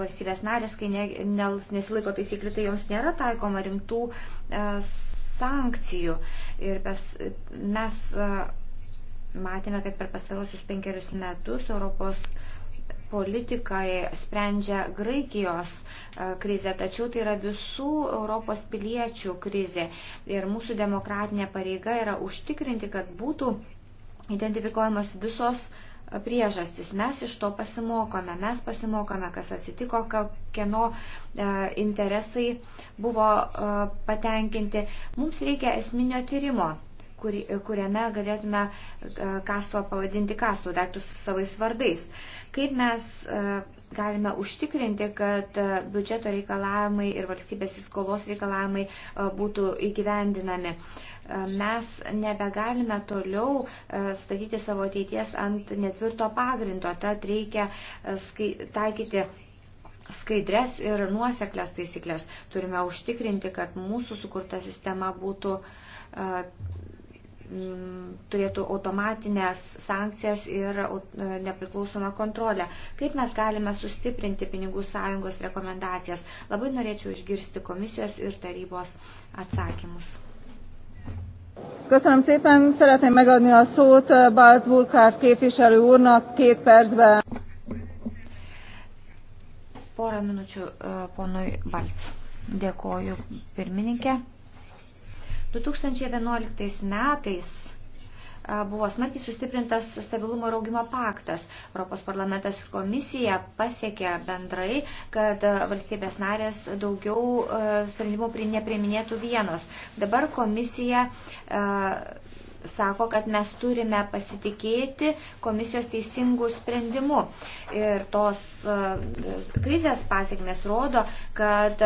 valstybės narės, kai ne, nesilaiko taisyklių, tai joms nėra taikoma rimtų e, sankcijų. Ir mes, mes e, matėme, kad per pastarosius penkerius metus Europos politikai sprendžia Graikijos e, krizę, tačiau tai yra visų Europos piliečių krizė. Ir mūsų demokratinė pareiga yra užtikrinti, kad būtų identifikuojamos visos uh, priežastis. Mes iš to pasimokome. Mes pasimokome, kas atsitiko, kieno e, interesai buvo e, patenkinti. Mums reikia esminio tyrimo kuri, kuriame galėtume e, kasto pavadinti kasto daiktus savais vardais. Kaip mes e, galime užtikrinti, kad e, biudžeto reikalavimai ir valstybės įskolos reikalavimai būtų įgyvendinami. Mes nebegalime toliau statyti savo ateities ant netvirto pagrindo, tad reikia taikyti skaidres ir nuoseklės taisyklės. Turime užtikrinti, kad mūsų sukurta sistema būtų Mm, turėtų automatinės sankcijas ir e, nepriklausomą kontrolę. Kaip mes galime sustiprinti pinigų sąjungos rekomendacijas? Labai norėčiau išgirsti komisijos ir tarybos atsakymus. Köszönöm szépen, szeretném megadni a szót e, Balt Burkhardt képviselő úrnak két percben. Porą minučių e, ponui Balts. Dėkoju pirmininkė. 2011 metais buvo smarkiai sustiprintas stabilumo ir augimo paktas. Europos parlamentas ir komisija pasiekė bendrai, kad valstybės narės daugiau sprendimų nepriminėtų vienos. Dabar komisija sako, kad mes turime pasitikėti komisijos teisingų sprendimų. Ir tos krizės pasiekmes rodo, kad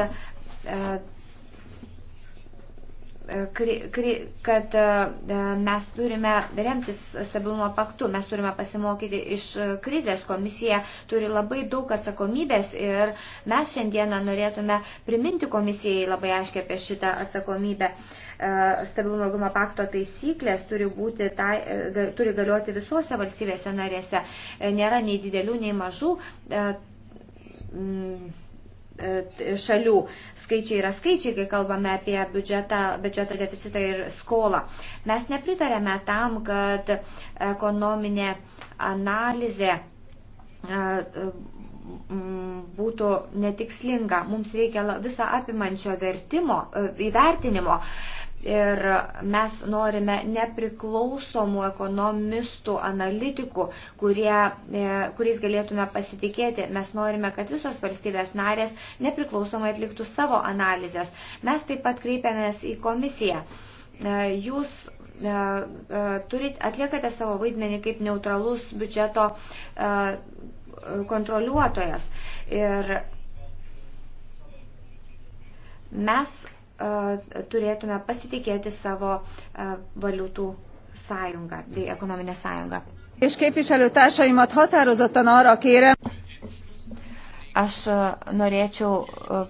kad e, mes turime remtis stabilumo paktu, mes turime pasimokyti iš krizės, komisija turi labai daug atsakomybės ir mes šiandieną norėtume priminti komisijai labai aiškiai apie šitą atsakomybę. E, stabilumo augumo pakto taisyklės turi, būti, tai, e, turi galioti visuose valstybėse narėse. Nėra nei didelių, nei mažų. Mm E, šalių. Skaičiai yra skaičiai, kai kalbame apie biudžetą, biudžeto deficitą ir skolą. Mes nepritarėme tam, kad ekonominė analizė e, e, būtų netikslinga. Mums reikia visą apimančio vertimo, įvertinimo. E, Ir mes norime nepriklausomų ekonomistų, analitikų, kurie, e, kuriais galėtume pasitikėti. Mes norime, kad visos valstybės narės nepriklausomai atliktų savo analizės. Mes taip pat kreipiamės į komisiją. E, jūs e, turit, atliekate savo vaidmenį kaip neutralus biudžeto kontroliuotojas. Ir mes turėtume pasitikėti savo valiutų sąjungą bei tai ekonominę sąjungą. És képviselőtársaimat határozottan arra kérem, Aš norėčiau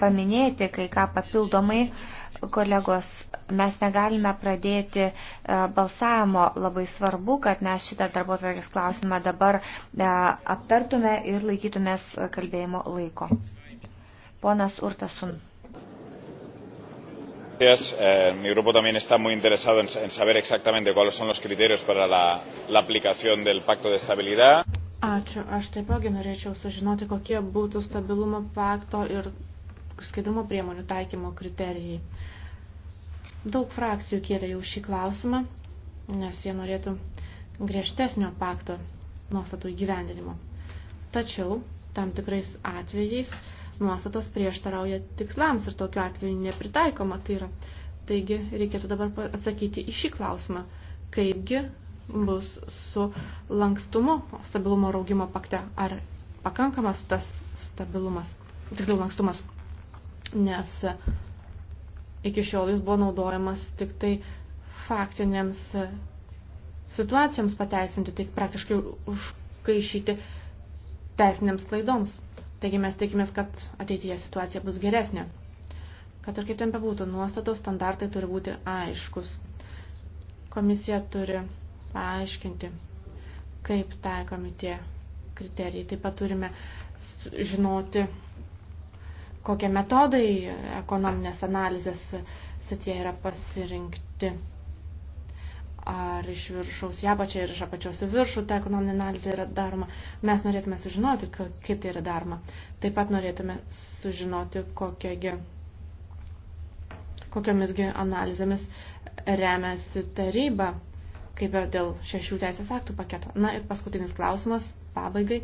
paminėti kai ką papildomai, kolegos, mes negalime pradėti balsavimo. Labai svarbu, kad mes šitą darbo tvarkės klausimą dabar aptartume ir laikytumės kalbėjimo laiko. Ponas Urtasun. Eh, mi grupo también está muy interesado en saber exactamente cuáles son los criterios para la, la aplicación del pacto de estabilidad. Ačiū. Aš taipogi norėčiau sužinoti, kokie būtų stabilumo pakto ir skaidrumo priemonių taikymo kriterijai. Daug frakcijų kėlė jau šį klausimą, nes jie norėtų griežtesnio pakto nuostatų įgyvendinimo. Tačiau tam tikrais atvejais uh, nuostatos prieštarauja tikslams ir tokiu atveju nepritaikoma tai yra. Taigi reikėtų dabar atsakyti į šį klausimą, kaipgi bus su lankstumu stabilumo raugimo pakte, ar pakankamas tas stabilumas, tiksliau lankstumas, nes iki šiol jis buvo naudojamas tik tai faktinėms situacijoms pateisinti, tik praktiškai užkaišyti teisinėms klaidoms. Taigi mes tikimės, kad ateityje situacija bus geresnė. Kad ir kaip ten bebūtų, nuostatos standartai turi būti aiškus. Komisija turi paaiškinti, kaip taikomi tie kriterijai. Taip pat turime žinoti, kokie metodai ekonominės analizės srityje yra pasirinkti ar iš viršaus į apačią ir iš apačios į viršų ta ekonominė analizė yra daroma. Mes norėtume sužinoti, kaip tai yra daroma. Taip pat norėtume sužinoti, kokiagi, kokiomisgi analizėmis remiasi taryba, kaip ir dėl šešių teisės aktų paketo. Na ir paskutinis klausimas, pabaigai,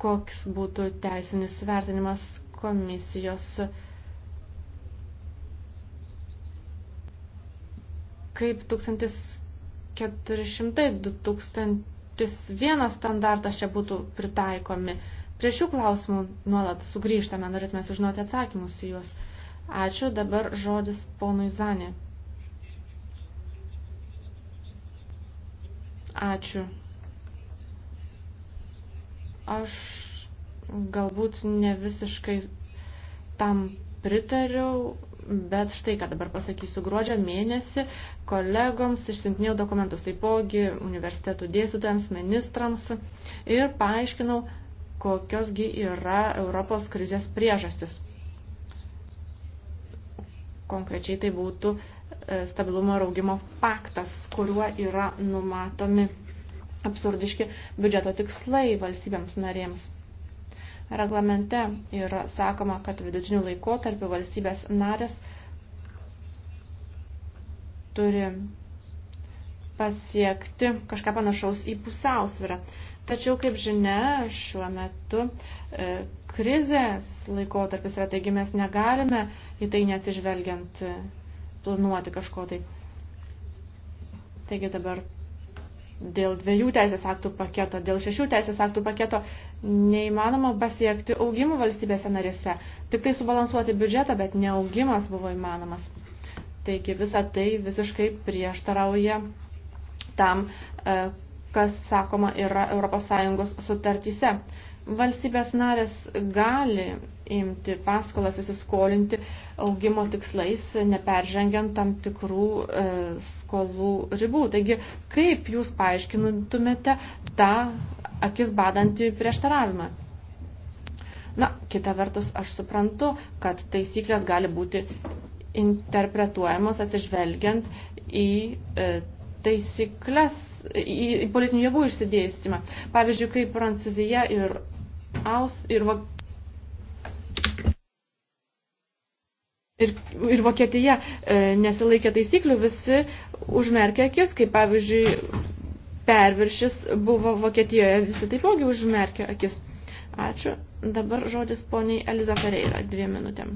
koks būtų teisinis vertinimas komisijos kaip 1000 400 2001 standartas čia būtų pritaikomi. Prie šių klausimų nuolat sugrįžtame, norėtume sužinoti atsakymus į juos. Ačiū, dabar žodis ponui Zanė. Ačiū. Aš galbūt ne visiškai tam pritariau, Bet štai, ką dabar pasakysiu, gruodžio mėnesį kolegoms išsintinėjau dokumentus, taipogi universitetų dėstytojams, ministrams ir paaiškinau, kokiosgi yra Europos krizės priežastis. Konkrečiai tai būtų e, stabilumo ir augimo paktas, kuriuo yra numatomi absurdiški biudžeto tikslai valstybėms narėms. Reglamente yra sakoma, kad vidutinių laikotarpių valstybės narės turi pasiekti kažką panašaus į pusiausvyrą. Tačiau, kaip žinia, šiuo metu e, krizės laikotarpis yra, taigi mes negalime į tai neatsižvelgiant e, planuoti kažko tai. Taigi dabar dėl dviejų teisės aktų paketo, dėl šešių teisės aktų paketo neįmanoma pasiekti augimų valstybėse narėse. Tik tai subalansuoti biudžetą, bet ne augimas buvo įmanomas. Taigi visa tai visiškai prieštarauja tam, e, kas sakoma yra ES sutartyse. Valstybės narės gali imti paskolas įsiskolinti augimo tikslais, neperžengiant tam tikrų e, skolų ribų. Taigi, kaip jūs paaiškintumėte tą akis badantį prieštaravimą? Na, kita vertus, aš suprantu, kad taisyklės gali būti interpretuojamos atsižvelgiant į e, taisyklės, į politinių jėgų išsidėstymą. Pavyzdžiui, kaip Prancūzija ir, Aus, ir, Vok... ir, ir Vokietija e, nesilaikė taisyklių, visi užmerkė akis, kaip pavyzdžiui, perviršis buvo Vokietijoje, visi taipogi užmerkė akis. Ačiū. Dabar žodis poniai Eliza Pereira dviem minutėm.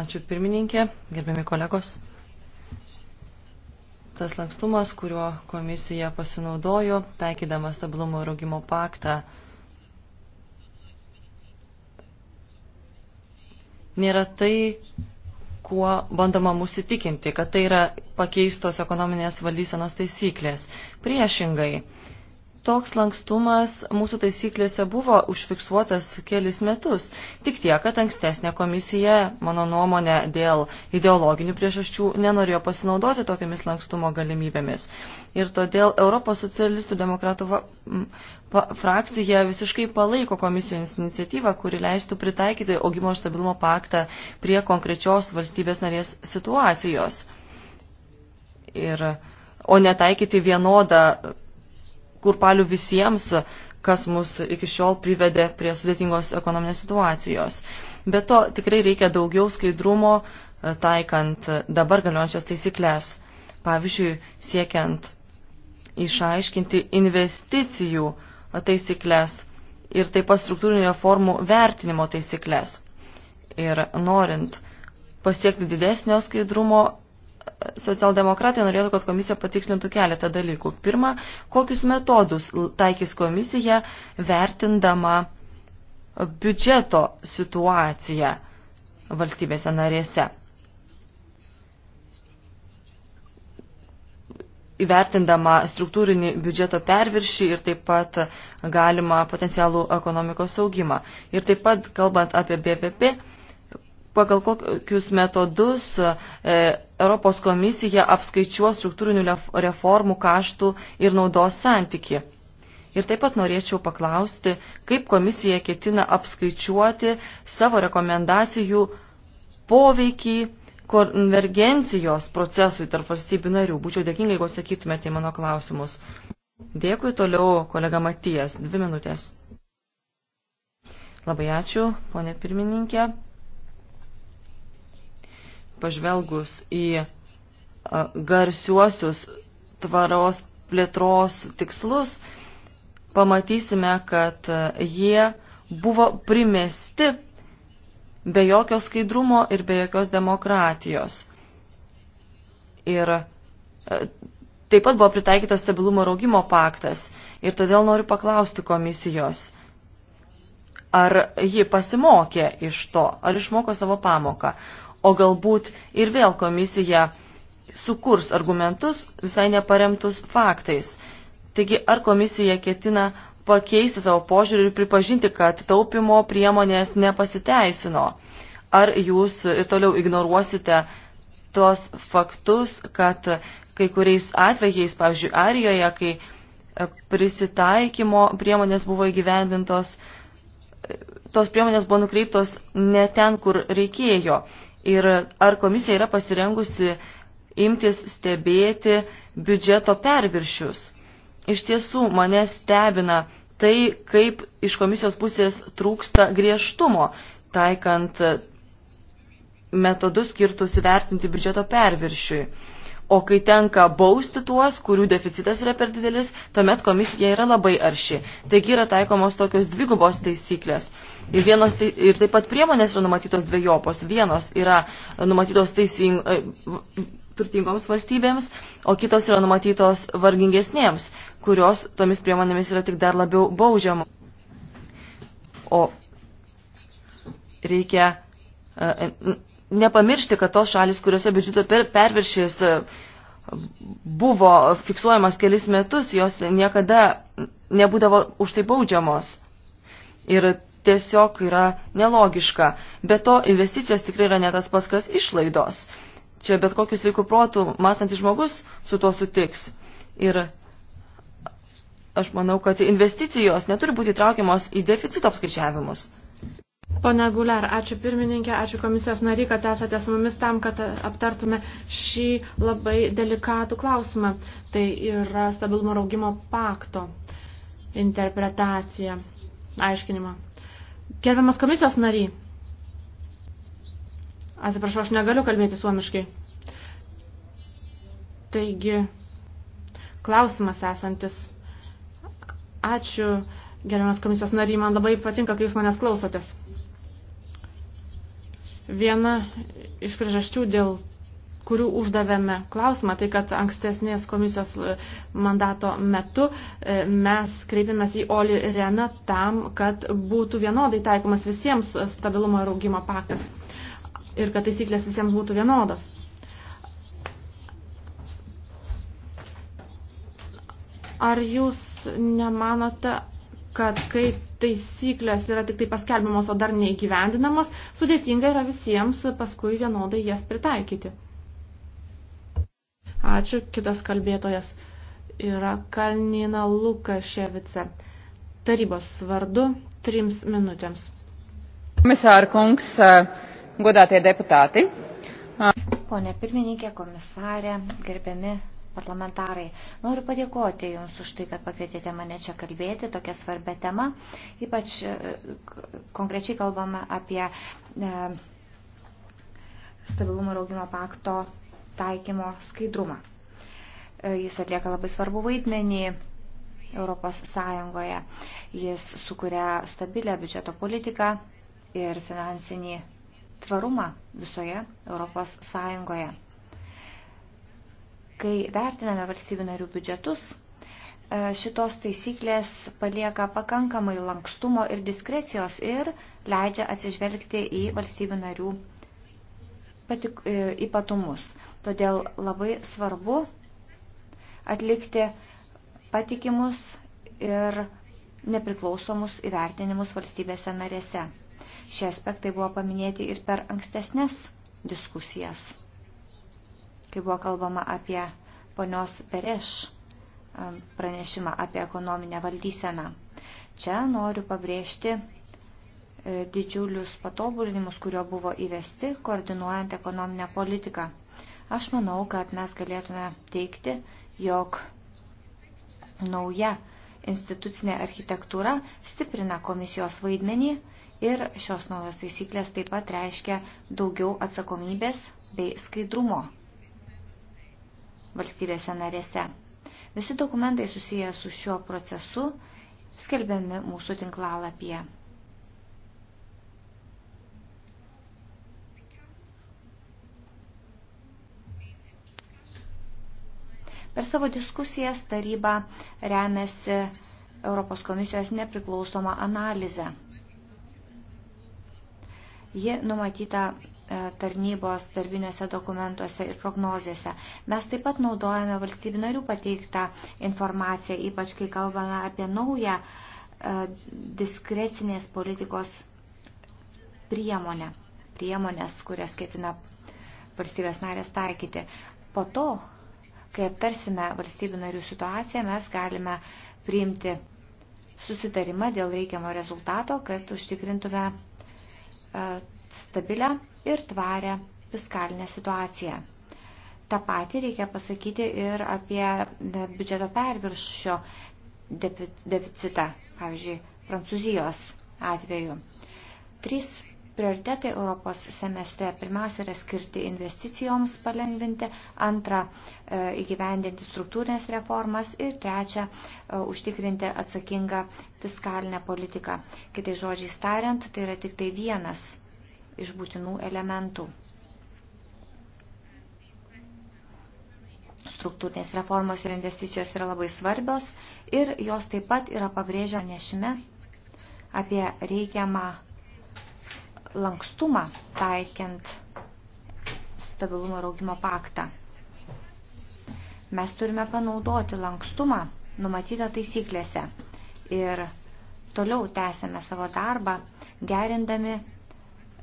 Ačiū pirmininkė, gerbiami kolegos tas lankstumas, kuriuo komisija pasinaudojo, taikydama stabilumo ir augimo paktą, nėra tai, kuo bandoma mus įtikinti, kad tai yra pakeistos ekonominės valdysenos taisyklės. Priešingai, Toks lankstumas mūsų taisyklėse buvo užfiksuotas kelis metus. Tik tiek, kad ankstesnė komisija, mano nuomonė, dėl ideologinių priežasčių nenorėjo pasinaudoti tokiamis lankstumo galimybėmis. Ir todėl Europos socialistų demokratų frakcija visiškai palaiko komisijos iniciatyvą, kuri leistų pritaikyti augimo ir stabilumo paktą prie konkrečios valstybės narės situacijos. Ir, o netaikyti vienodą kurpalių visiems, kas mus iki šiol privedė prie sudėtingos ekonominės situacijos. Be to, tikrai reikia daugiau skaidrumo e, taikant dabar galiojančias taisyklės. Pavyzdžiui, siekiant išaiškinti investicijų taisyklės ir taip pat struktūrinių reformų vertinimo taisyklės. Ir norint pasiekti didesnio skaidrumo, socialdemokratai norėtų, kad komisija patikslintų keletą dalykų. Pirma, kokius metodus taikys komisija vertindama biudžeto situaciją valstybėse narėse. Įvertindama struktūrinį biudžeto perviršį ir taip pat galima potencialų ekonomikos augimą. Ir taip pat, kalbant apie BVP, pagal kokius metodus e, Europos komisija apskaičiuos struktūrinių reformų kaštų ir naudos santyki. Ir taip pat norėčiau paklausti, kaip komisija ketina apskaičiuoti savo rekomendacijų poveikį konvergencijos procesui tarp valstybių narių. Būčiau dėkinga, jeigu sakytumėte į mano klausimus. Dėkui toliau, kolega Matijas. Dvi minutės. Labai ačiū, ponė pirmininkė pažvelgus į garsiuosius tvaros plėtros tikslus, pamatysime, kad jie buvo primesti be jokio skaidrumo ir be jokios demokratijos. Ir taip pat buvo pritaikytas stabilumo ir augimo paktas. Ir todėl noriu paklausti komisijos, ar ji pasimokė iš to, ar išmoko savo pamoką o galbūt ir vėl komisija sukurs argumentus visai neparemtus faktais. Taigi, ar komisija ketina pakeisti savo požiūrį ir pripažinti, kad taupimo priemonės nepasiteisino? Ar jūs ir toliau ignoruosite tos faktus, kad kai kuriais atvejais, pavyzdžiui, Arijoje, kai e, prisitaikymo priemonės buvo įgyvendintos, e, tos priemonės buvo nukreiptos ne ten, kur reikėjo ir ar komisija yra pasirengusi imtis stebėti biudžeto perviršius. Iš tiesų, mane stebina tai, kaip iš komisijos pusės trūksta griežtumo, taikant metodus skirtus įvertinti biudžeto perviršiui o kai tenka bausti tuos, kurių deficitas yra per didelis, tuomet komisija yra labai arši. Taigi yra taikomos tokios dvigubos taisyklės. Ir, vienos, tai, ir taip pat priemonės yra numatytos dviejopos. Vienos yra numatytos teising, e, turtingoms valstybėms, o kitos yra numatytos vargingesnėms, kurios tomis priemonėmis yra tik dar labiau baudžiama. O reikia e, e, nepamiršti, kad tos šalis, kuriuose biudžeto per, perviršys e, buvo fiksuojamas kelis metus, jos niekada nebūdavo už tai baudžiamos. Ir tiesiog yra nelogiška. Be to, investicijos tikrai yra ne tas pats, kas išlaidos. Čia bet kokius sveikų protų mąstantis žmogus su tuo sutiks. Ir aš manau, kad investicijos neturi būti traukiamos į deficito apskaičiavimus. Pone Guler, ačiū pirmininkė, ačiū komisijos nary, kad esate su mumis tam, kad aptartume šį labai delikatų klausimą. Tai yra stabilumo raugimo pakto interpretacija, aiškinimo. Gerbiamas komisijos nary, atsiprašau, aš negaliu kalbėti suomiškai. Taigi, klausimas esantis. Ačiū, gerbiamas komisijos nary, man labai patinka, kai jūs manęs klausotės. Viena iš priežasčių, dėl kurių uždavėme klausimą, tai kad ankstesnės komisijos e, mandato metu e, mes kreipėmės į Oli Reną tam, kad būtų vienodai taikomas visiems stabilumo ir augimo paktas ir kad taisyklės visiems būtų vienodas. Ar jūs nemanote, kad kai taisyklės yra tik tai paskelbimos, o dar neįgyvendinamos, sudėtinga yra visiems paskui vienodai jas pritaikyti. Ačiū, kitas kalbėtojas yra Kalnina Lukaševice. Tarybos vardu trims minutėms. Komisar Kungs, godatie deputatai. Pone pirmininkė, komisarė, gerbiami parlamentarai. Noriu padėkoti Jums už tai, kad pakvietėte mane čia kalbėti tokią svarbę temą. Ypač e, konkrečiai kalbame apie e, stabilumo ir augimo pakto taikymo skaidrumą. E, jis atlieka labai svarbu vaidmenį Europos Sąjungoje. Jis sukuria stabilę biudžeto politiką ir finansinį tvarumą visoje Europos Sąjungoje. Kai vertiname valstybių narių biudžetus, e, šitos taisyklės palieka pakankamai lankstumo ir diskrecijos ir leidžia atsižvelgti į valstybių narių patik, e, ypatumus. Todėl labai svarbu atlikti patikimus ir nepriklausomus įvertinimus valstybėse narėse. Šie aspektai buvo paminėti ir per ankstesnės diskusijas kai buvo kalbama apie ponios Pereš um, pranešimą apie ekonominę valdyseną. Čia noriu pabrėžti e, didžiulius patobulinimus, kurio buvo įvesti, koordinuojant ekonominę politiką. Aš manau, kad mes galėtume teikti, jog nauja institucinė architektūra stiprina komisijos vaidmenį ir šios naujos taisyklės taip pat reiškia daugiau atsakomybės bei skaidrumo valstybėse narėse. Visi dokumentai susiję su šiuo procesu skelbiami mūsų tinklalapyje. Per savo diskusijas taryba remiasi Europos komisijos nepriklausoma analizė. Ji numatyta E, tarnybos darbiniuose dokumentuose ir prognozėse. Mes taip pat naudojame valstybių narių pateiktą informaciją, ypač kai kalbame apie naują e, diskrecinės politikos priemonę, priemonės, kurias ketina valstybės narės taikyti. Po to, kai aptarsime valstybių narių situaciją, mes galime priimti susitarimą dėl reikiamo rezultato, kad užtikrintume e, stabilę ir tvarę fiskalinę situaciją. Ta pati reikia pasakyti ir apie biudžeto perviršio deficitą, pavyzdžiui, Prancūzijos atveju. Trys prioritetai Europos semestre. Pirmiausia yra skirti investicijoms palengvinti, antra e, įgyvendinti struktūrinės reformas ir trečia e, užtikrinti atsakingą fiskalinę politiką. Kitai žodžiai tariant, tai yra tik tai vienas iš būtinų elementų. Struktūrinės reformos ir investicijos yra labai svarbios ir jos taip pat yra pabrėžę nešime apie reikiamą lankstumą taikiant stabilumo ir augimo paktą. Mes turime panaudoti lankstumą numatytą taisyklėse ir toliau tęsėme savo darbą, gerindami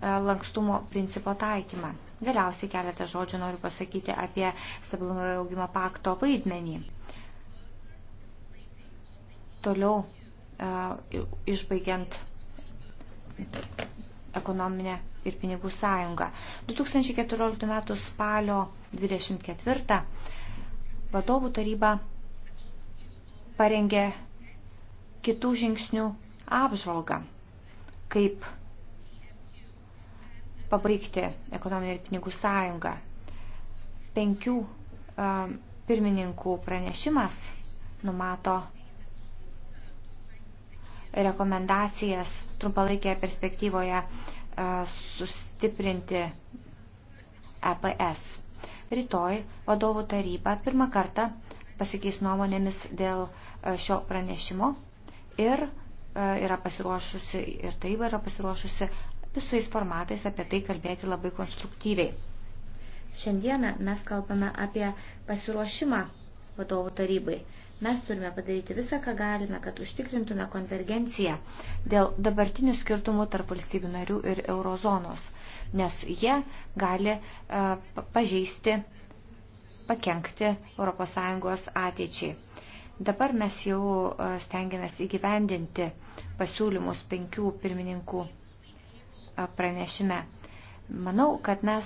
E, lankstumo principo taikymą. Galiausiai keletą žodžių noriu pasakyti apie stabilumo ir augimo pakto vaidmenį. Toliau e, išbaigiant ekonominę ir pinigų sąjungą. 2014 m. spalio 24 vadovų taryba parengė kitų žingsnių apžvalgą, kaip pabaigti ekonominę ir pinigų sąjungą. Penkių e, pirmininkų pranešimas numato rekomendacijas trumpalaikėje perspektyvoje e, sustiprinti EPS. Rytoj vadovų taryba pirmą kartą pasikeis nuomonėmis dėl e, šio pranešimo ir yra pasiruošusi ir taryba yra pasiruošusi visais formatais apie tai kalbėti labai konstruktyviai. Šiandieną mes kalbame apie pasiruošimą vadovų tarybai. Mes turime padaryti visą, ką galime, kad užtikrintume konvergenciją dėl dabartinių skirtumų tarp valstybių narių ir eurozonos, nes jie gali uh, pažeisti, pakengti ES ateičiai. Dabar mes jau e, stengiamės įgyvendinti pasiūlymus penkių pirmininkų pranešime. Manau, kad mes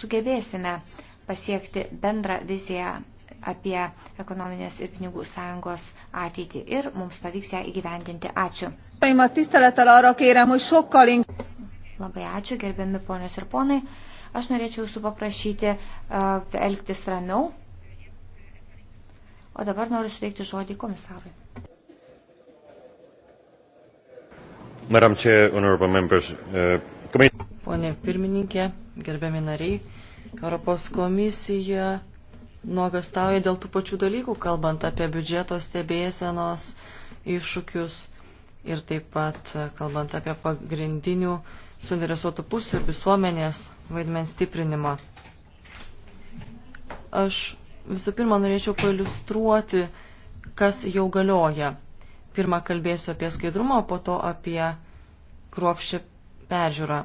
sugebėsime pasiekti bendrą viziją apie ekonominės ir pinigų sąjungos ateitį ir mums pavyks ją įgyvendinti. Ačiū. Labai ačiū, gerbiami ponios ir ponai. Aš norėčiau jūsų paprašyti uh, elgtis ramiau. O dabar noriu suteikti žodį komisarui. Uh, Pone pirmininkė, gerbiami nariai, Europos komisija nuogastauja dėl tų pačių dalykų, kalbant apie biudžeto stebėsenos iššūkius ir taip pat uh, kalbant apie pagrindinių suinteresuotų pusių ir visuomenės vaidmens stiprinimą. Aš visų pirma norėčiau pailustruoti, kas jau galioja. Pirmą kalbėsiu apie skaidrumą, o po to apie kruopščią peržiūrą.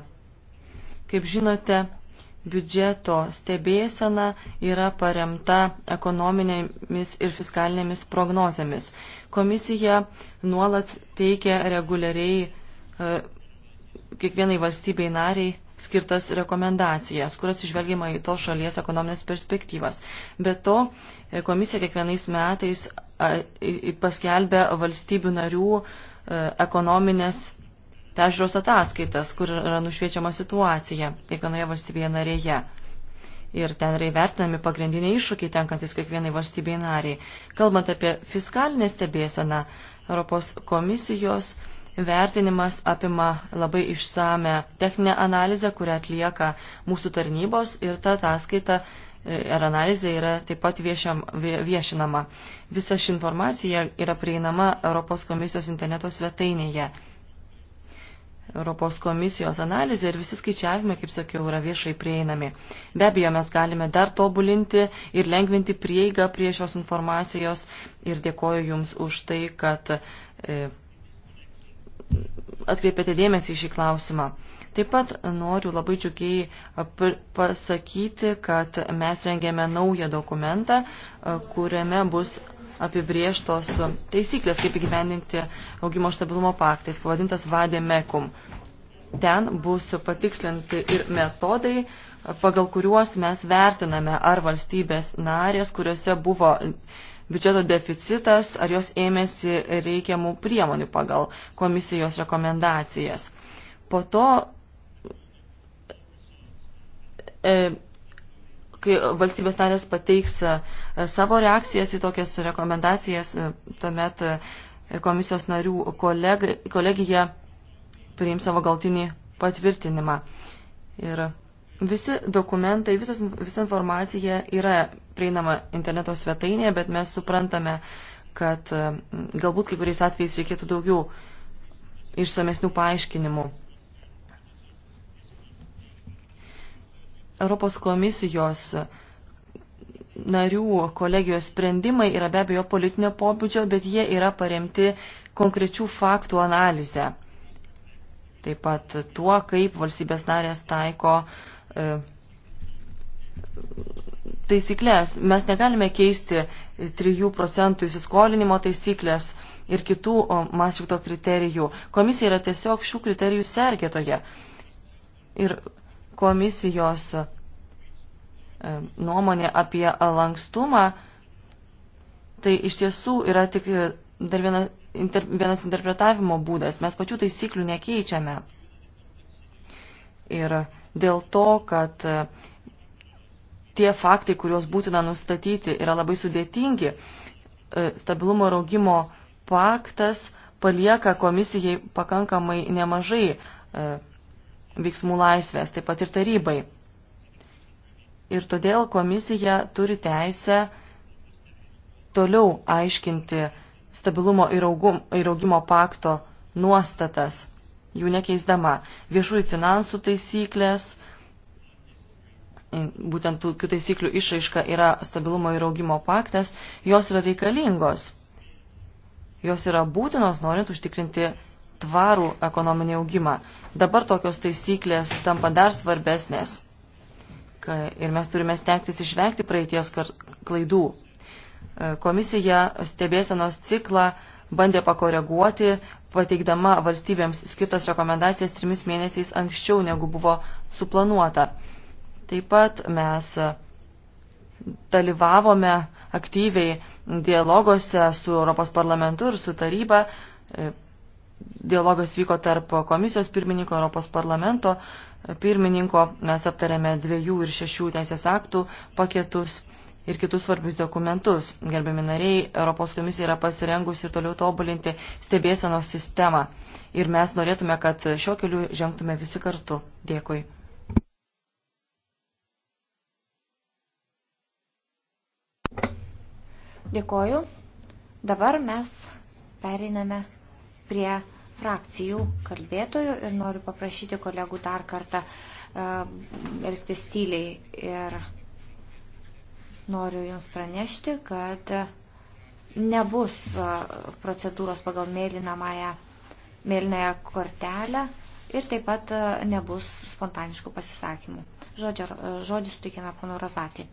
Kaip žinote, biudžeto stebėsena yra paremta ekonominėmis ir fiskalinėmis prognozėmis. Komisija nuolat teikia reguliariai e, kiekvienai valstybei nariai skirtas rekomendacijas, kur atsižvelgiama į to šalies ekonominės perspektyvas. Be to, e, komisija kiekvienais metais paskelbė valstybių narių e, ekonominės peržiūros ataskaitas, kur yra nušviečiama situacija kiekvienoje valstybėje narėje. Ir ten yra įvertinami pagrindiniai iššūkiai tenkantis kiekvienai valstybei nariai. Kalbant apie fiskalinę stebėseną, Europos komisijos vertinimas apima labai išsame techninę analizę, kurią atlieka mūsų tarnybos ir ta ataskaita ir analizė yra taip pat viešiam, viešinama. Visa ši informacija yra prieinama Europos komisijos interneto svetainėje. Europos komisijos analizė ir visi skaičiavimai, kaip sakiau, yra viešai prieinami. Be abejo, mes galime dar tobulinti ir lengvinti prieigą prie šios informacijos ir dėkoju Jums už tai, kad e, atkreipėte dėmesį į šį klausimą. Taip pat noriu labai džiugiai pasakyti, kad mes rengėme naują dokumentą, kuriame bus apibrieštos taisyklės, kaip įgyvendinti augimo stabilumo paktais, pavadintas Vademekum. Ten bus patikslinti ir metodai, pagal kuriuos mes vertiname, ar valstybės narės, kuriuose buvo biudžeto deficitas, ar jos ėmėsi reikiamų priemonių pagal komisijos rekomendacijas. Po to E, kai valstybės narės pateiks e, savo reakcijas į tokias rekomendacijas, e, tuomet komisijos narių koleg, kolegija priims savo galtinį patvirtinimą. Ir visi dokumentai, visos, visa informacija yra prieinama interneto svetainėje, bet mes suprantame, kad galbūt kai kuriais atvejais reikėtų daugiau išsamesnių paaiškinimų. Europos komisijos narių kolegijos sprendimai yra be abejo politinio pobūdžio, bet jie yra paremti konkrečių faktų analizę. Taip pat tuo, kaip valstybės narės taiko e, taisyklės. Mes negalime keisti 3 procentų įsiskolinimo taisyklės ir kitų Mastrichto kriterijų. Komisija yra tiesiog šių kriterijų sergėtoje. Ir komisijos e, nuomonė apie lankstumą, tai iš tiesų yra tik dar viena, inter, vienas interpretavimo būdas. Mes pačių taisyklių nekeičiame. Ir dėl to, kad e, tie faktai, kuriuos būtina nustatyti, yra labai sudėtingi, e, stabilumo ir augimo paktas palieka komisijai pakankamai nemažai veiksmų laisvės, taip pat ir tarybai. Ir todėl komisija turi teisę toliau aiškinti stabilumo ir augimo pakto nuostatas, jų nekeisdama viešųjų finansų taisyklės, būtent tų taisyklių išraiška yra stabilumo ir augimo paktas, jos yra reikalingos. Jos yra būtinos norint užtikrinti tvarų ekonominį augimą. Dabar tokios taisyklės tampa dar svarbesnės ir mes turime stengtis išvengti praeities klaidų. E, komisija stebėsenos ciklą bandė pakoreguoti, pateikdama valstybėms skirtas rekomendacijas trimis mėnesiais anksčiau, negu buvo suplanuota. Taip pat mes dalyvavome aktyviai dialogose su Europos parlamentu ir su taryba, e, dialogas vyko tarp komisijos pirmininko Europos parlamento pirmininko. Mes aptarėme dviejų ir šešių teisės aktų paketus ir kitus svarbius dokumentus. Gerbiami nariai, Europos komisija yra pasirengusi ir toliau tobulinti stebėsenos sistemą. Ir mes norėtume, kad šio keliu žengtume visi kartu. Dėkui. Dėkoju. Dabar mes periname prie frakcijų kalbėtojų ir noriu paprašyti kolegų dar kartą e, elgtis tyliai ir noriu Jums pranešti, kad nebus e, procedūros pagal mėlynąją kortelę ir taip pat e, nebus spontaniškų pasisakymų. Žodžio, žodį sutikime pono Rozatį.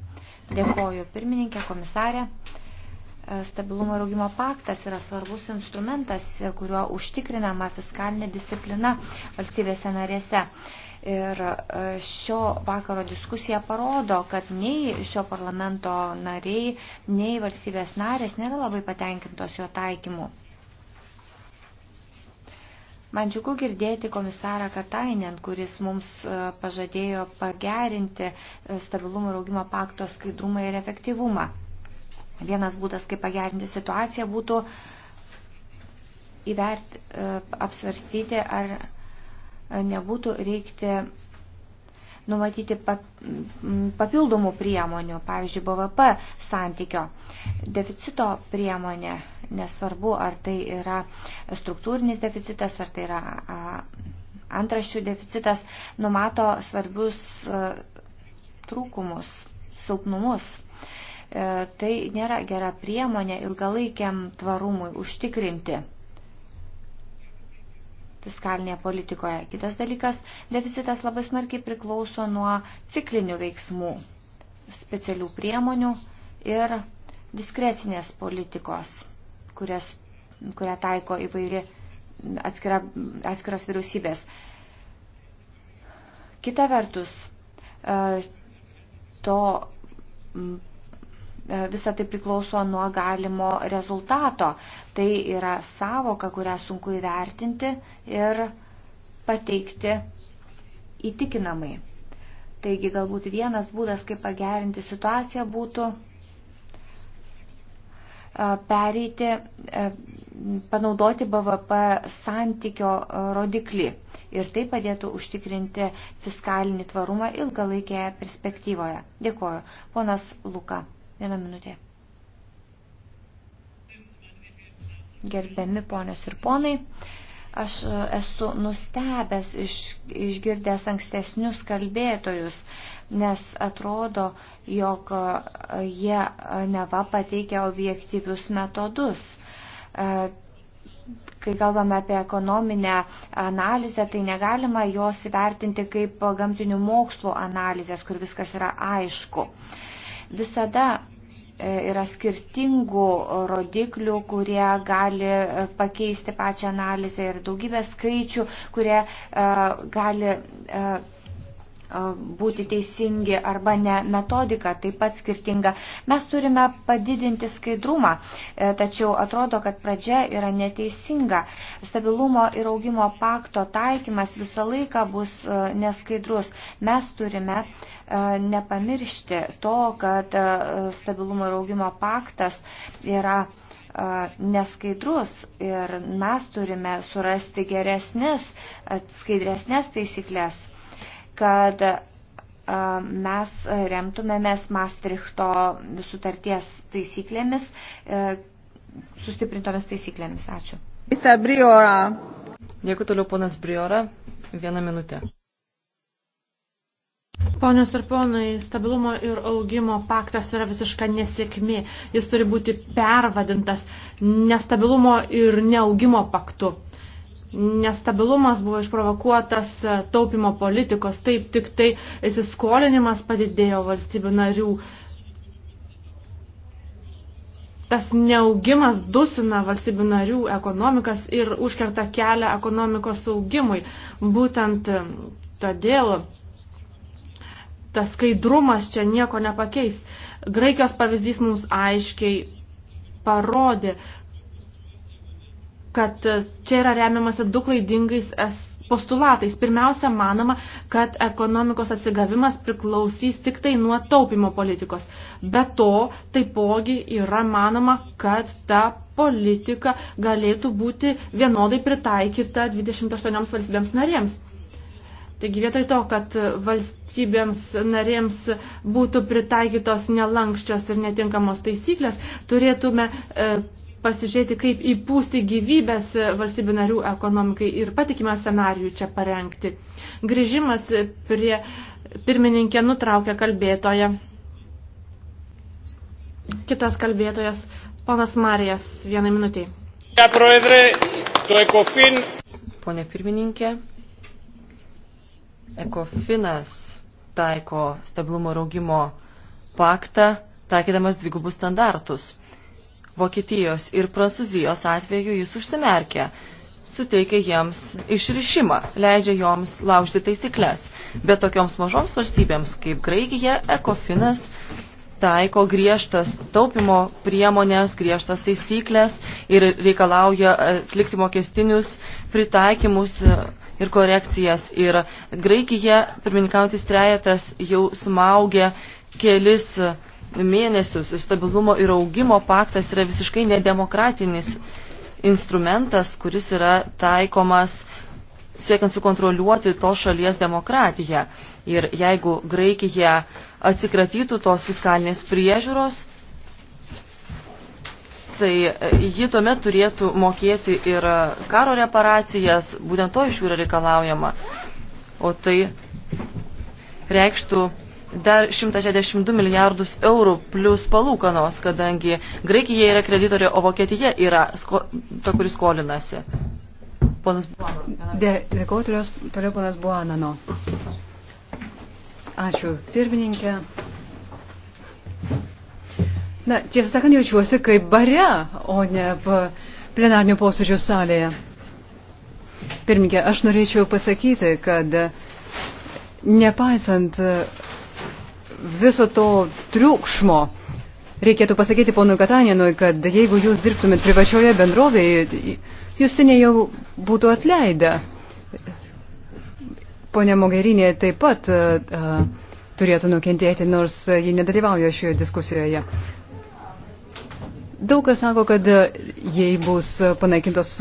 Dėkoju pirmininkė, komisarė. E, stabilumo ir augimo paktas yra svarbus instrumentas, e, kuriuo užtikrinama fiskalinė disciplina valstybėse narėse. Ir e, šio vakaro diskusija parodo, kad nei šio parlamento nariai, nei valstybės narės nėra labai patenkintos jo taikymu. Man džiugu girdėti komisarą Katainen, kuris mums pažadėjo pagerinti stabilumo ir augimo pakto skaidrumą ir efektyvumą. Vienas būdas, kaip pagerinti situaciją, būtų įverti, e, apsvarstyti, ar e, nebūtų reikti numatyti papildomų priemonių, pavyzdžiui, BVP santykio. Deficito priemonė, nesvarbu, ar tai yra struktūrinis deficitas, ar tai yra antraščių deficitas, numato svarbius e, trūkumus, silpnumus. E, tai nėra gera priemonė ilgalaikiam tvarumui užtikrinti fiskalinėje politikoje. Kitas dalykas, deficitas labai smarkiai priklauso nuo ciklinių veiksmų, specialių priemonių ir diskrecinės politikos, kurias, kurią taiko įvairi atskira, atskiros vyriausybės. Kita vertus, e, to E, visa tai priklauso nuo galimo rezultato. Tai yra savoka, kurią sunku įvertinti ir pateikti įtikinamai. Taigi galbūt vienas būdas, kaip pagerinti situaciją, būtų e, pereiti, e, panaudoti BVP santykio rodiklį. Ir tai padėtų užtikrinti fiskalinį tvarumą ilgalaikėje perspektyvoje. Dėkuoju. Ponas Luka. Viena minutė. Gerbiami ponios ir ponai, aš e, esu nustebęs iš, išgirdęs ankstesnius kalbėtojus, nes atrodo, jog e, jie e, neva pateikia objektyvius metodus kai kalbame apie ekonominę analizę, tai negalima jos įvertinti kaip gamtinių mokslų analizės, kur viskas yra aišku. Uh, Visada e, yra skirtingų rodiklių, kurie gali e, pakeisti pačią analizę ir daugybę skaičių, kurie e, gali būti teisingi arba ne, metodika taip pat skirtinga. Mes turime padidinti skaidrumą, e, tačiau atrodo, kad pradžia yra neteisinga. Stabilumo ir augimo pakto taikymas visą laiką bus e, neskaidrus. Mes turime e, nepamiršti to, kad stabilumo ir augimo paktas yra neskaidrus ir mes turime surasti geresnės, skaidresnės taisyklės kad mes remtumėmės Maastrichto sutarties taisyklėmis, e, sustiprintomis taisyklėmis. Ačiū. Mr. Briora. Dėkui toliau, ponas Briora. Vieną minutę. Ponios ir ponai, stabilumo ir augimo paktas yra visiška nesėkmė. Jis turi būti pervadintas nestabilumo ir neaugimo paktu. Nestabilumas buvo išprovokuotas e, taupimo politikos, taip tik tai įsiskolinimas padidėjo valstybių narių. Tas neaugimas dusina valstybių narių ekonomikas ir užkerta kelią ekonomikos augimui. Būtent e, todėl tas skaidrumas čia nieko nepakeis. Graikijos pavyzdys mums aiškiai parodė, kad čia yra remiamasi du klaidingais postulatais. Pirmiausia, manoma, kad ekonomikos atsigavimas priklausys tik tai nuo taupimo politikos. Be to, taipogi yra manoma, kad ta politika galėtų būti vienodai pritaikyta 28 valstybėms narėms. Taigi vietoj to, kad valstybėms narėms būtų pritaikytos nelankščios ir netinkamos taisyklės, turėtume e, pasižiūrėti, kaip įpūsti gyvybės valstybių narių ekonomikai ir patikimą scenarijų čia parengti. Grįžimas prie pirmininkė nutraukė kalbėtoje. Kitas kalbėtojas, ponas Marijas, vienai minutiai. Pone pirmininkė, ekofinas taiko stabilumo raugimo paktą, taikydamas dvigubus standartus Vokietijos ir Prancūzijos atveju jis užsimerkia, suteikia jiems išrišimą, leidžia joms laužti taisyklės. Bet tokioms mažoms valstybėms kaip Graikija, Ekofinas taiko griežtas taupimo priemonės, griežtas taisyklės ir reikalauja atlikti mokestinius pritaikymus ir korekcijas. Ir Graikija, pirmininkautis trejetas, jau smaugė kelis mėnesius. Stabilumo ir augimo paktas yra visiškai nedemokratinis instrumentas, kuris yra taikomas siekiant sukontroliuoti tos šalies demokratiją. Ir jeigu Graikija atsikratytų tos fiskalinės priežiūros, tai ji tuomet turėtų mokėti ir karo reparacijas, būtent to iš jų yra reikalaujama. O tai reikštų dar 162 milijardus eurų plus palūkanos, kadangi Graikija yra kreditorė, o Vokietija yra sko, ta, kuris skolinasi. Ponas Buanano. Dėkoju toliau ponas Buanano. Ačiū pirmininkė. Na, tiesą sakant, jaučiuosi kaip bare, o ne plenarnių posėdžių salėje. Pirmininkė, aš norėčiau pasakyti, kad nepaisant viso to triukšmo reikėtų pasakyti ponui Katanienui, kad jeigu jūs dirbtumėt privačioje bendrovėje, jūs seniai jau būtų atleidę. Pone Mogerinė taip pat uh, turėtų nukentėti, nors ji nedalyvauja šioje diskusijoje. Daug kas sako, kad e, jei bus panaikintos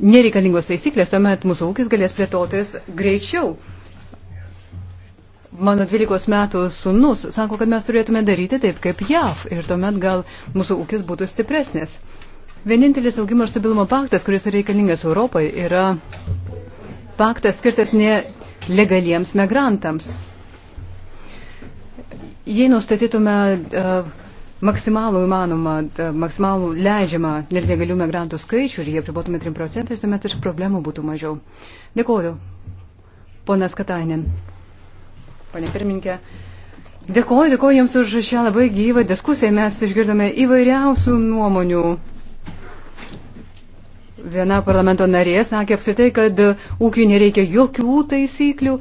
nereikalingos taisyklės, tuomet mūsų ūkis galės plėtotis greičiau. Uh, mano 12 metų sunus sako, kad mes turėtume daryti taip kaip JAV ir tuomet gal mūsų ūkis būtų stipresnis. Vienintelis augimo ir stabilumo paktas, kuris reikalingas Europai, yra paktas skirtas ne legaliems migrantams. Jei nustatytume uh, maksimalų įmanomą, uh, maksimalų leidžiamą nelegalių migrantų skaičių ir jie pribotume 3 procentais, tuomet iš problemų būtų mažiau. Dėkuoju. Ponas Katainin. Pane pirminkė, dėkoju, dėkoju Jums už šią labai gyvą diskusiją. Mes išgirdome įvairiausių nuomonių. Viena parlamento narė sakė apskritai, kad ūkiui nereikia jokių taisyklių,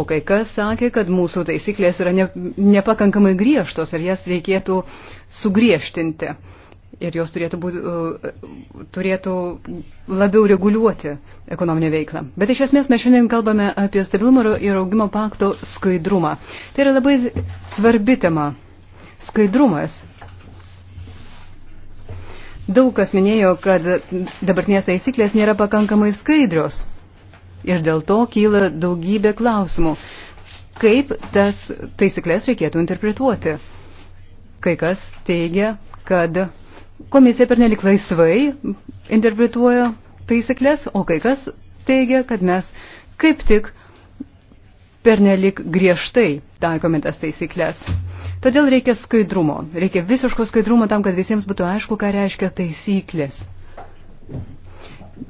o kai kas sakė, kad mūsų taisyklės yra ne, nepakankamai griežtos ir jas reikėtų sugriežtinti ir jos turėtų, būt, uh, turėtų labiau reguliuoti ekonominę veiklą. Bet iš esmės mes šiandien kalbame apie stabilumo ir augimo pakto skaidrumą. Tai yra labai svarbi tema. Skaidrumas. Daug kas minėjo, kad dabartinės taisyklės nėra pakankamai skaidrios. Ir dėl to kyla daugybė klausimų. Kaip tas taisyklės reikėtų interpretuoti? Kai kas teigia, kad komisija pernelik laisvai interpretuoja taisyklės, o kai kas teigia, kad mes kaip tik pernelik griežtai taikome tas taisyklės. Todėl reikia skaidrumo, reikia visiško skaidrumo tam, kad visiems būtų aišku, ką reiškia taisyklės.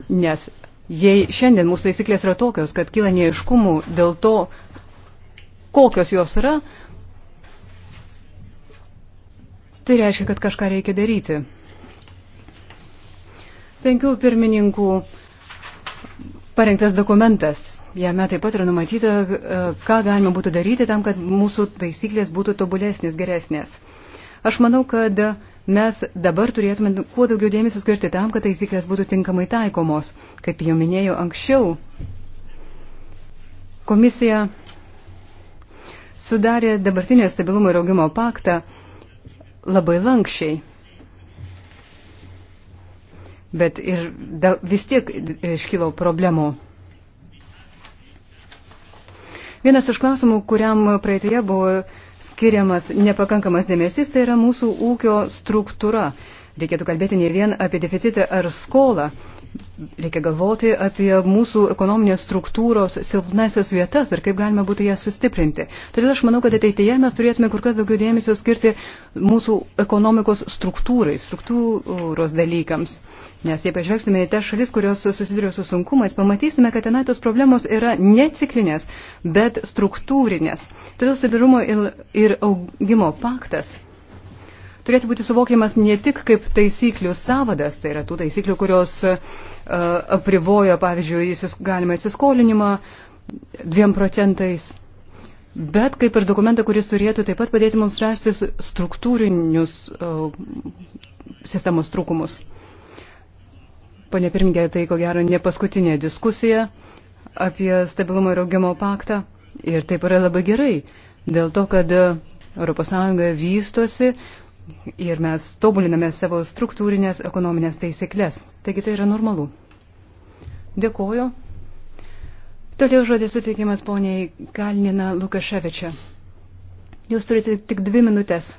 Nes jei šiandien mūsų taisyklės yra tokios, kad kyla neiškumų dėl to, kokios jos yra, Tai reiškia, kad kažką reikia daryti. Penkių pirmininkų parengtas dokumentas. Jame taip pat yra numatyta, e, ką galima būtų daryti tam, kad mūsų taisyklės būtų tobulesnės, geresnės. Aš manau, kad mes dabar turėtume kuo daugiau dėmesio skirti tam, kad taisyklės būtų tinkamai taikomos. Kaip jau minėjau anksčiau, komisija sudarė dabartinę stabilumo ir augimo paktą labai lankščiai. Bet ir da, vis tiek e, iškilo problemų. Vienas iš klausimų, kuriam praeitėje buvo skiriamas nepakankamas dėmesys, tai yra mūsų ūkio struktūra. Reikėtų kalbėti ne vien apie deficitą ar skolą, Reikia galvoti apie mūsų ekonominės struktūros silpnasias vietas ir kaip galima būtų jas sustiprinti. Todėl aš manau, kad ateityje mes turėtume kur kas daugiau dėmesio skirti mūsų ekonomikos struktūrai, struktūros dalykams. Nes jei pažvelgsime į tas šalis, kurios susiduria su sunkumais, pamatysime, kad tenai tos problemos yra ne ciklinės, bet struktūrinės. Todėl stabilumo ir augimo paktas turėtų būti suvokiamas ne tik kaip taisyklių savadas, tai yra tų taisyklių, kurios e, aprivoja, pavyzdžiui, galima įsiskolinimą dviem procentais, bet kaip ir dokumentą, kuris turėtų taip pat padėti mums rasti struktūrinius e, sistemos trūkumus. Pane Pirmingė, tai ko gero ne paskutinė diskusija apie stabilumo ir augimo paktą. Ir taip yra labai gerai, dėl to, kad ES vystosi, ir mes tobuliname savo struktūrinės ekonominės taisyklės. Taigi tai yra normalu. Dėkuoju. Toliau žodis suteikiamas poniai Kalnina Lukaševičia. Jūs turite tik dvi minutės.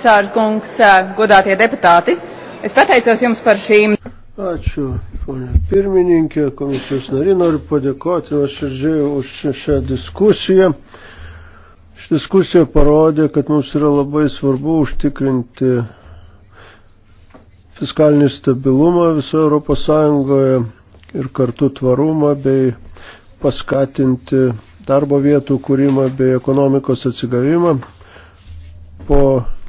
Sārs kungs, godātie deputāti, es pateicos jums par šīm. Ačiū, ponia pirmininkė, komisijos nari, noriu padėkoti nuoširdžiai už šią diskusiją. Ši diskusija parodė, kad mums yra labai svarbu užtikrinti fiskalinį stabilumą visoje Europos Sąjungoje ir kartu tvarumą bei paskatinti darbo vietų kūrimą bei ekonomikos atsigavimą. Po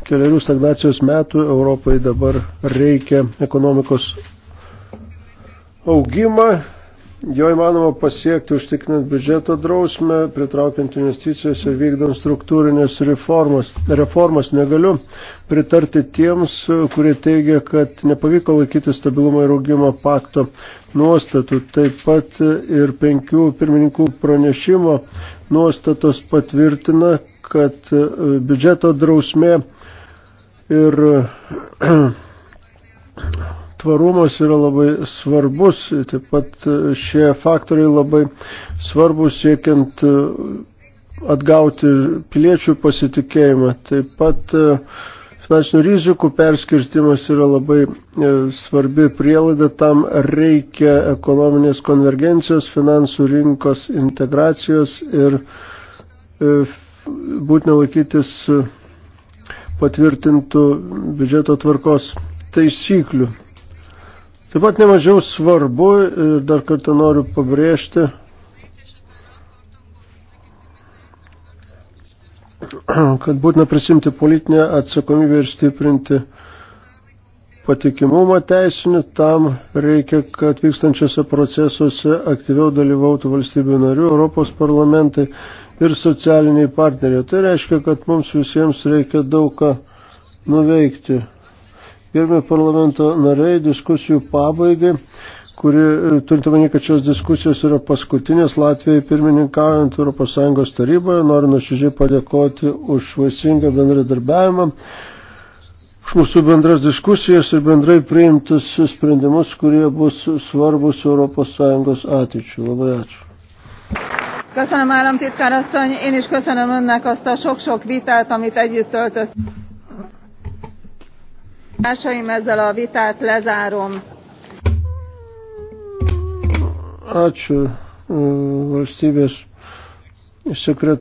keliarių stagnacijos metų Europai dabar reikia ekonomikos augimą Jo įmanoma pasiekti užtikrinant biudžeto drausmę, pritraukiant investicijas ir vykdant struktūrinės reformas. Reformas negaliu pritarti tiems, kurie teigia, kad nepavyko laikyti stabilumo ir augimo pakto nuostatų. Taip pat ir penkių pirmininkų pranešimo nuostatos patvirtina, kad e, biudžeto drausmė ir tvarumas yra labai svarbus, taip pat šie faktoriai labai svarbus siekiant e, atgauti piliečių pasitikėjimą. Taip pat e, finansinių rizikų perskirstimas yra labai e, svarbi prielaida, tam reikia ekonominės konvergencijos, finansų rinkos integracijos ir būtina laikytis patvirtintų biudžeto tvarkos taisyklių. Taip pat nemažiau svarbu, ir e, dar kartą noriu pabrėžti, kad būtina prisimti politinę atsakomybę ir stiprinti patikimumą teisinį, tam reikia, kad vykstančiose procesuose aktyviau dalyvautų valstybių narių, Europos parlamentai ir socialiniai partneriai. Tai reiškia, kad mums visiems reikia daug ką nuveikti. Gerbėjai parlamento nariai, diskusijų pabaigai, kuri, e, turint omeny, kad šios diskusijos yra paskutinės Latvijai pirmininkaujant ES taryboje, noriu nuoširdžiai padėkoti už vaisingą bendradarbiavimą už mūsų bendras diskusijas ir bendrai priimtus sprendimus, kurie bus svarbus ES ateičių. Labai ačiū. Köszönöm államtitkár asszony, én is köszönöm önnek azt a sok-sok vitát, amit együtt töltött. Társaim, ezzel a vitát lezárom. Ačiū valstybės sekretorius.